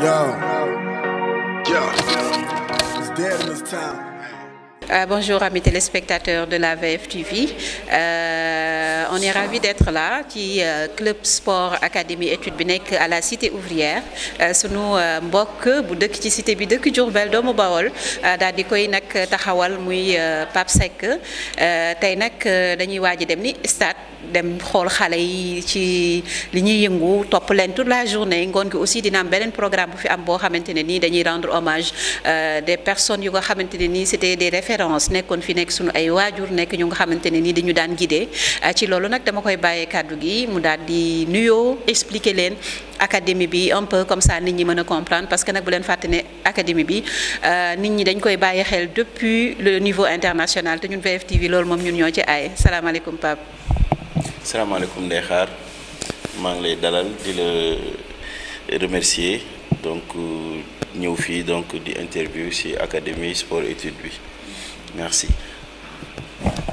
Yo. Yo. It's dead in this town. Euh, bonjour à mes téléspectateurs de la VFTV. Euh, on est ravis d'être là Qui euh, club sport académie étude Binek à la cité ouvrière euh, sunu nous euh, bu dëkk ci cité bi dëkk Diourbel doomu Bawol euh, daal di koy nag taxawal muy Pape Seck tey nag dañuy waaj dem ni stade dem xol xalé yi ci liñuy yëngu topp leen toute la journée ngoon gi aussi dina am benen programme bu fi am bo xamanteni dañuy rendre hommage des personnes yu nga xamanteni ne c'était des références référence nekkoon fi nek suñu ay wajur nek ñu nga xamanteni ni nii dañu daan guidé ah, ci lolu nak dama koy bayé cadeau gi mu daal di nuyo expliquer leen académie bi un peu comme ça nit ñi mëna comprendre parce que nak bu len fàtte académie bi ah, nit ñi dañ koy bayé xel depuis le niveau international té ñun VFtv lolu mom ñun ñoo ci ay Pape. salam alaykoum Khar maa ngi lay dalal di le remercier donc ñeu fi donc di interview ci académie sport étude bi. Merci.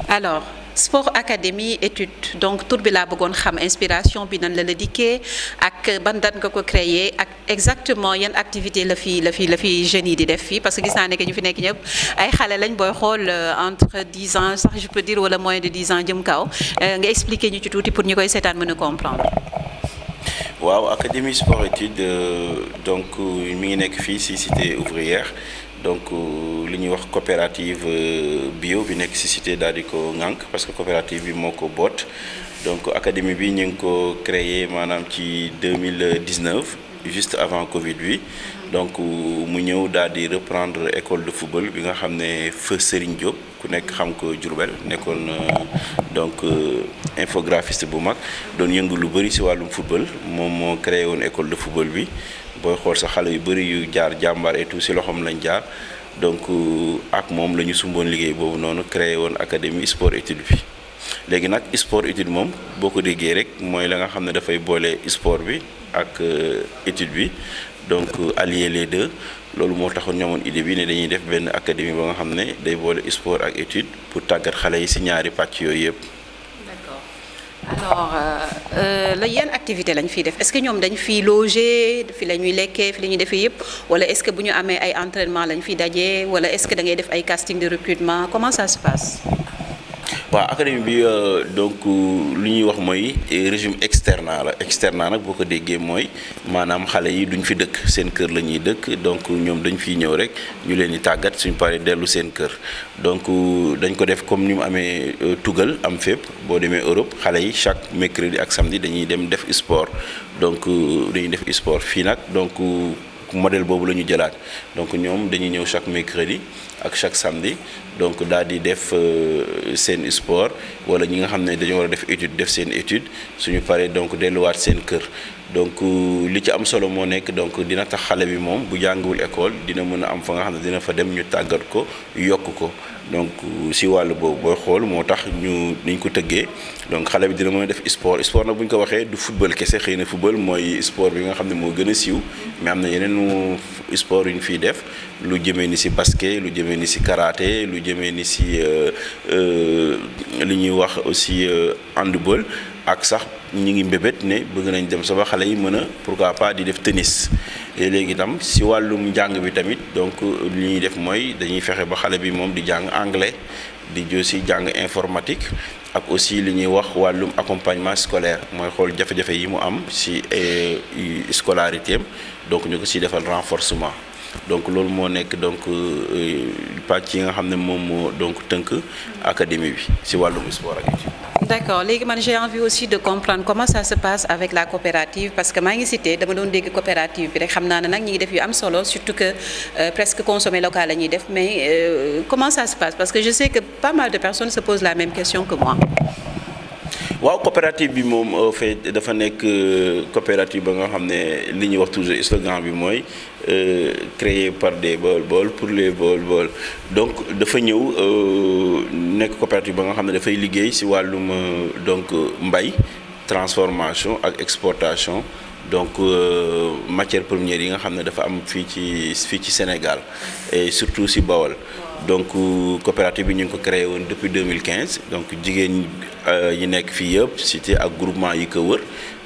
Alors, Sport Academy étude donc tout bela bagon ham inspiration binan le dédié à bandan koko créé exactement une activité le fi le fi le fi génie des défis, parce que ça n'est que nous venons qui n'y a pas halé l'année entre 10 ans ça je peux dire ou le moins de 10 ans j'aime kau euh, expliquer nous tout tout pour que c'est à nous comprendre waaw académie sport études euh, donc une euh, ngi nekk cité ouvrière donc euh, l'union wax coopérative bio bi nekk ci cité daal Ngank, parce que coopérative bi mon bot. donc académie bi ñu ko créé maanaam ci 2019 juste avant Covid 19 donc mu ñëw reprendre école de football bi nga xam ne feu Serigne Diop ku nekk xam ko Diourbel nekkoon euh, donc euh, infographiste bu mag don yëngu lu bëri ci walum football mom mo créé woon école de football bi boy xool sa xalé yu bëri yu jaar jambar et tout ci loxom lañ jaar donc euh, ak mom lañu sumbon liguey bobu nonu noonu créé woon académie sport étude bi. légui nak sport étude mom boko ko rek moy la nga xamné da fay bolé sport bi ak étude bi donc allier les deux loolu mo taxone ñoomoon idée bi ne dañuy def ben académie ba nga xamné day boole sport ak étude pour tàggat xalé yi ci ñaari pàcc yooyu yëpp. alors euh, euh, la yan activité lañ fi def est-ce que ñoom dañ fi loger fi lañuy ñuy fi lañuy ñuy defee wala est-ce que buñu amé ay entraînement lañ fi dajé wala est-ce que da ngay def ay casting de recrutement comment ça se passe. waaw académie bi euh, donc euh, lu ñuy wax mooy euh, régime externat la externat nag boo ko déggee mooy maanaam xale yi duñ fi dëkk seen kër la ñuy dëkk donc ñoom dañ fi ñëw rek ñu leen di tàggat suñu paree dellu seen kër donc dañ ko def comme ni mu amee tugal am fépp boo demee Europe xale yi chaque mercredi ak samdi dañuy dem def sport donc dañuy def sport fii nag donc modèle boobu la ñu jëlaat donc ñoom dañuy ñëw chaque mercredi ak chaque samedi donc daal di def euh, seen sport wala ñi nga xam ne dañoo war a def étude def seen étude suñu paree donc delluwaat seen kër donc euh, li ci am solo moo nekk donc dina tax xale bi moom bu jàngiwul école dina mën a am fa nga xam ne dina fa dem ñu tàggat ko yokk ko donc euh, si wàllu boobu booy xool moo ñu niñ ko teggé donc xalé bi dina mën def sport sport nag buñ ko waxé du football kese xeyna football moy sport bi nga xamné mo gëna siw mais amna na sport yu ñu fiy def lu jëmee ni si basket lu jëmee ni si karaté lu jëmee ni si euh, euh, li ñuy wax aussi handball ak sax ñu ngi mbébét ne bëgg nañ dem sama xale yi mën a pourquoi pas di def tennis et léegi tam si wàllum njàng bi tamit donc lu ñuy def mooy dañuy fexe ba xale bi moom di jàng anglais di josi jàng informatique ak aussi lu ñuy wax wàllum accompagnement scolaire mooy xool jafe-jafe yi mu am si eh, scolarité am donc ñu ko si defal renforcement donc loolu moo nekk donc euh, pàcc yi nga xam ne moom moo donc tënk académie bi si wàllum sport ak d'accord j'ai envie aussi de comprendre comment ça se passe avec la coopérative parce que je sais cité dama doon une coopérative bi rek xam naa ñi am solo surtout que euh, presque consommer local la mais euh, comment ça se passe parce que je sais que pas mal de personnes se posent la même question que moi. la coopérative bi fait euh, coopérative ba nga xam ne slogan euh, créé par des vols, pour les vols, Donc, donc nous euh, une coopérative qui nga xam fait dafay liggéey euh, donc mbay transformation et exportation donc euh, matière première yi nga xam dafa am Sénégal et surtout ci Bawol donc euh, coopérative bi ñu ko créé depuis 2015 donc nous yi nek fi yeb cité un groupement yi ko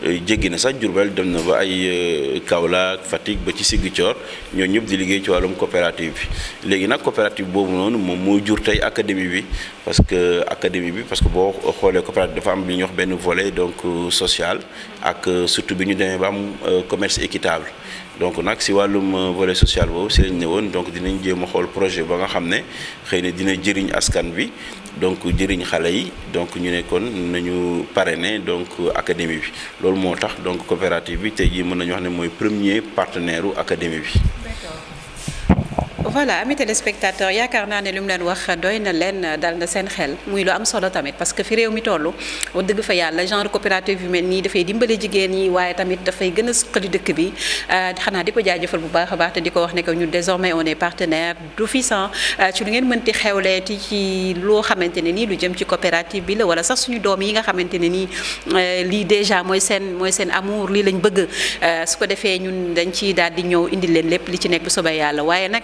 jéggi na sax Diourbel dem na ba ay euh, Kaolack Fatick ba ci Ziguinchor ñooñ ñëpp di liggéey ci wàllum coopérative bi léegi nag coopérative boobu noonu moom moo jur tey académie bi parce que académie bi parce que boo xoolee coopérative dafa am li ñuy wax benn volet donc euh, social ak euh, surtout bi ñu demee ba am commerce équitable donc nak si walum euh, volet social boobu si lañ ne donc dinañ jéem xol projet ba nga xamné xeyna dina jëriñ askan bi donc jëriñ xalé yi donc ñu ne kon nañu parrainer donc académie bi lool motax donc coopérative bi tay ji mën nañu wax né moy premier partenaire académie bi. D'accord voilà amis téléspectateurs yaakaar naa né li len wax doyna len dal na sen xel muy lu am solo tamit parce que fi réew mi toll wax dëgg fa yalla genre coopérative humaine ni nii dafay dimbale jigéen yi waye tamit da fay gëna suqali dëkk bi euh xana diko jaajëfal bu baax baax te diko wax né que ñu désormais on est partenaire d'office euh, ci lu ngeen mënti ti ci lo xamanténi ni nii lu jëm ci coopérative bi la wala sax suñu doom yi nga xamanténi ne nii euh, déjà moy sen moy sen amour li lañ bëgg euh, su ko defee ñun dañ ci daal di ñëw indi leen lépp li ci nekk bu soba yalla waye nak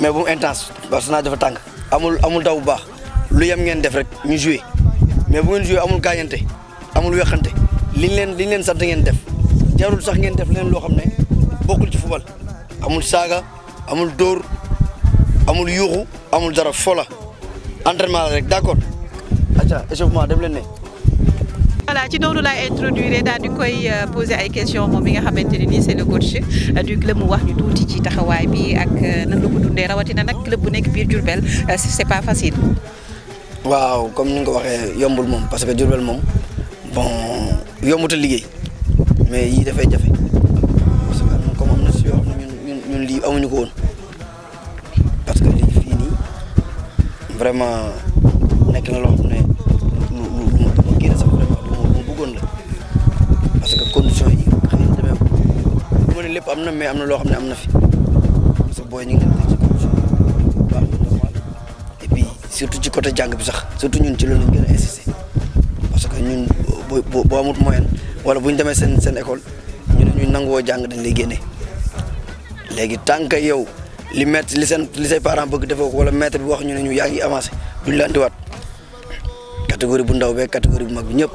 mais bon intense parce que naaj tank amul amul daw bu baax lu yam ngeen def rek ñu jouer mais bu ngeen jouer amul gaañante amul weexante liñ leen liñ leen sant ngeen def jarul sax ngeen def leen lo xamné ne bokkul ci football amul saga, amul dor amul yuuxu amul dara fola entraînement rek d'accord acca échauffement dem leen né voilà ci noonu lay introduire daal di koy euh, poser ay questions mom bi nga xamanteni ni c'est le coach euh, du club mu wax ñu tuuti ci taxaway bi ak euh, nan la ko dundee rawatina nak club bu nek bir Diourbel c'est pas facile. waaw comme ni nga waxé yombul mom parce que Diourbel mom bon yombuta liggéey mais yii dafay jafé. parce que comme amna ci wax yoo xam ñun ñun lii amuñu ko won. parce que lii fii vraiment nek na loo xam bëggoon parce que condition yi xam ne demee bu lépp am na mais am na loo xam ne am na fi parce que booy ñu ngi leen ci surtout ci côté jàng bi sax surtout ñun ci loolu lañ gën a insister parce que ñun boo boo amut moyen wala bu ñu demee seen seen école ñu ne ñu nanguwoo jàng dañ lay génne léegi tant que yow li maître li seen li say parents bëgg defoo ko wala maître bi wax ñu ne ñu yaa ngi avancé duñ la andiwaat catégorie bu ndaw beeg catégorie bu mag bi ñëpp.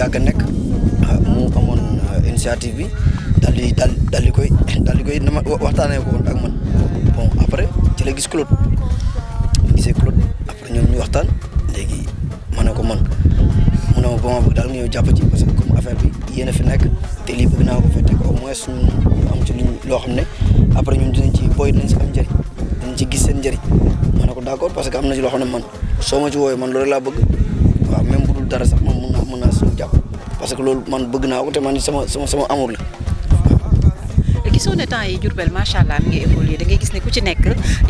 yàgg a nekk ah, mu amoon ah, initiative bi daal di daal daal di koy daal di koy waxtaanee ko ak man bon après ci la gis Claude gisee Claude après ñoom ñu waxtaan léegi ma ne ko man mu ne ma ba ma bëgg daal nga ñëw jàpp ci bi yéen a fi nekk te lii bëgg naa ko fa loo xam ne après ñun dinañ ci booy dinañ si am ci gis seen njëriñ ma ne ko d'accord parce que am na ci loo xam ne man soo ma ci woowee man loolu laa bëgg waaw même bu dul dara sax mën naa suñu jàpp parce que loolu man bëgg naa ko te man sama sama sama la. gisoo ne temps yi Diourbel macha allah mi ngi évolué da gis ne ku ci nekk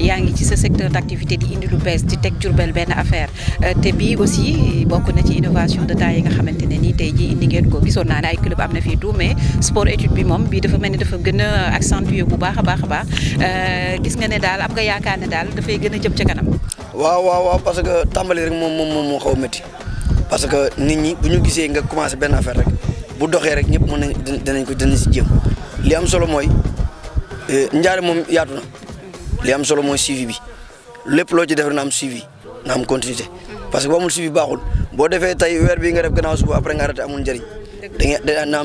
yaa ngi ci sa secteur d' activité di indi lu bees di teg Diourbel benn affaire euh, te bi aussi bokk na ci innovation de temps yi nga xamante ne nii tey jii indi ngeen ko gisoon naa ne ay club am na fii tout mais sport étude bi moom bi dafa mel ni dafa gën a accentué bu baax a baax a baax euh, gis nga ne daal am nga yaakaar ne daal dafay gën a jëm ca kanam. waaw waaw moo xaw parce que nit ñi bu ñu gisee nga commencé benn affaire rek bu doxee rek ñëpp mën nañ danañ ko danañ si jéem li am solo mooy euh, njaare moom yaatu na li am solo mooy suivi bi lépp loo ci def na am suivi na am suivi boo defee tey weer bii nga amul njëriñ da nga na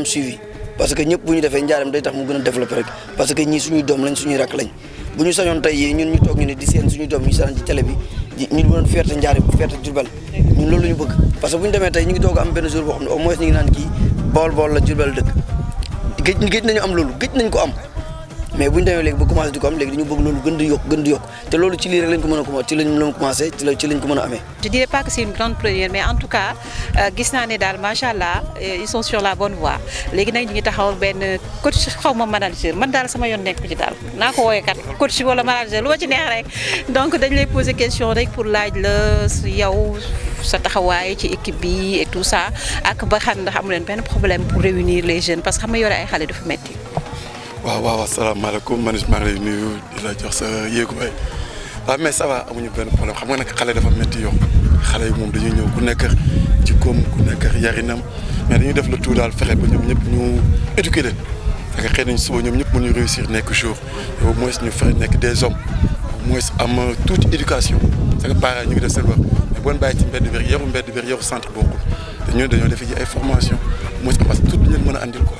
parce que ñëpp bu ñu defee njaaram day tax mu gën a développé rek parce que ñii suñuy doom lañ suñuy rak lañ bu ñu sañoon tey yii ñun ñu toog ñu ne di seen suñuy doom ñu saran ci télé bi ñu mënoon fierté njaari fierté jurbel ñun loolu la ñu bëgg parce que bu ñu demee tey ñu ngi doog am benn jour boo xam ne au moins ñu ngi naan kii bool bool la jurbel dëkk géej géej nañu am loolu géej nañ ko am mais buñ ñu légui bu commencé di ko am léegi dañu bëgg loolu gën di yokk gën di yokk te loolu ci li rek lañ ko mëna ko commencé ci lañ mëna commencé ci la ci lañ ko mëna amé je dirais pas que c'est une grande première mais en tout cas euh, gis naa ne daal macha allah euh, ils sont sur la bonne voie légui nañ ñu ngi taxawal benn coach xaw ma manager man daal sama yoon nekk ci daal naa ko woowee kat coach wala manager lu ma ci neex rek donc dañ lay poser question rek pour laaj la yow sa taxawaay ci équipe bi et tout ça ak ba xam ndax amu leen benn problème pour réunir les jeunes parce que xam nga yore ay xale dafa métti waaw waaw asalaamaaleykum man it maa ngi lay nuyu di la jox sa yéeguwaay waaw mais ça va amuñu benn problème xam nga nag xale dafa métti yow xale yi moom dañuy ñëw ku nekk ci koom ku nekk yarinam mais dañuy def le tout daal fexe ba ñoom ñëpp ñu éduquer leen parce que xëy nañ suba ñoom ñëpp mënuñu réussir nekk jour au moins ñu fexe nekk des hommes au moins am toute éducation parce que parents ñu ngi def seen wax mais boo bàyyi ci mbedd bi rek yaru mbedd bi rek yaru centre bokkul te ñun dañoo def ay formation au moins am as tuuti ñu leen mën a andil quoi.